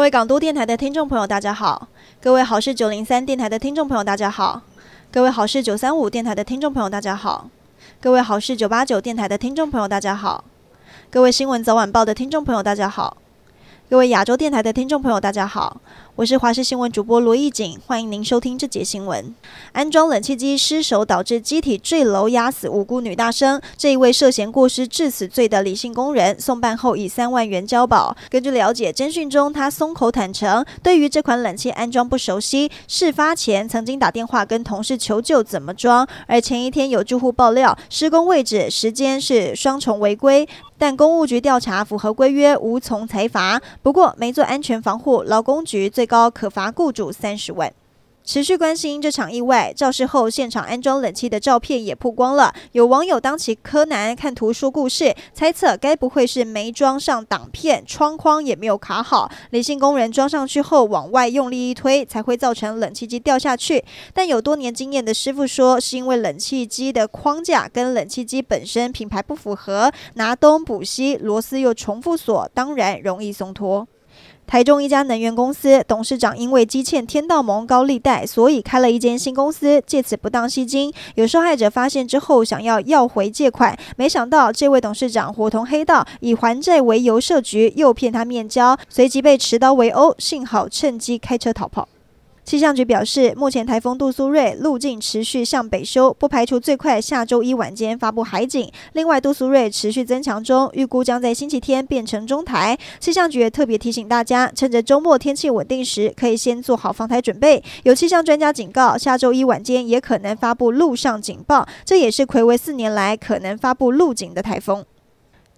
各位港都電臺的聽眾朋友，大家好；各位好事九零三電臺的聽眾朋友，大家好；各位好事九三五電臺的聽眾朋友，大家好；各位好事九八九電臺的聽眾朋友，大家好；各位新聞早晚報的聽眾朋友，大家好。各位亞洲電台的聽眾朋友，大家好，我是華視新聞主播羅藝錦，歡迎您收聽這節新聞。安裝冷氣機失手導致機體墜樓壓死無辜女大生，這一位涉嫌過失致死罪的李姓工人送辦後以三萬元交保。根據了解，偵訊中他鬆口坦承，對於這款冷氣安裝不熟悉，事發前曾經打電話跟同事求救怎麼裝，而前一天有住戶爆料，施工位置、時間是雙重違規。但公務局調查符合規約，無從裁罰。不過沒做安全防護，勞工局最高可罰僱主三十萬。持續關心這場意外，肇事後現場安裝冷氣的照片也曝光了。有網友當起柯南看圖說故事，猜測該不會是沒裝上擋片，窗框也沒有卡好。李姓工人裝上去後，往外用力一推，才會造成冷氣機掉下去。但有多年經驗的師傅說，是因為冷氣機的框架跟冷氣機本身品牌不符合，拿東補西，螺絲又重複鎖，當然容易鬆脫。台中一家能源公司董事長因為積欠天道盟高利貸，所以開了一間新公司，借此不當吸金。有受害者發現之後，想要要回借款，沒想到這位董事長夥同黑道以還債為由設局，誘騙他面交，隨即被持刀圍毆，幸好趁機開車逃跑。氣象局表示，目前颱風杜蘇芮路徑持續向北修，不排除最快下周一晚間發布海警。另外，杜蘇芮持續增強中，預估將在星期天變成中台。氣象局也特別提醒大家，趁着周末天氣穩定時，可以先做好防台準備。有氣象專家警告，下周一晚間也可能發布陸上警報，這也是睽違四年來可能發布陸警的颱風。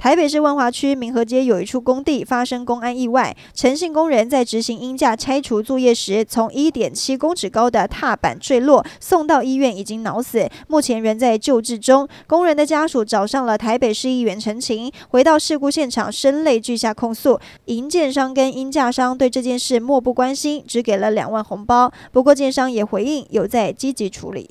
台北市萬華區民和街有一處工地發生公安意外，陳姓工人在執行鷹架拆除作業時，從一點七公尺高的踏板墜落，送到醫院已經腦死，目前仍在救治中。工人的家屬找上了台北市議員陳情，回到事故現場，聲淚俱下控訴，營建商跟鷹架商對這件事漠不關心，只給了兩萬紅包。不過，建商也回應有在積極處理。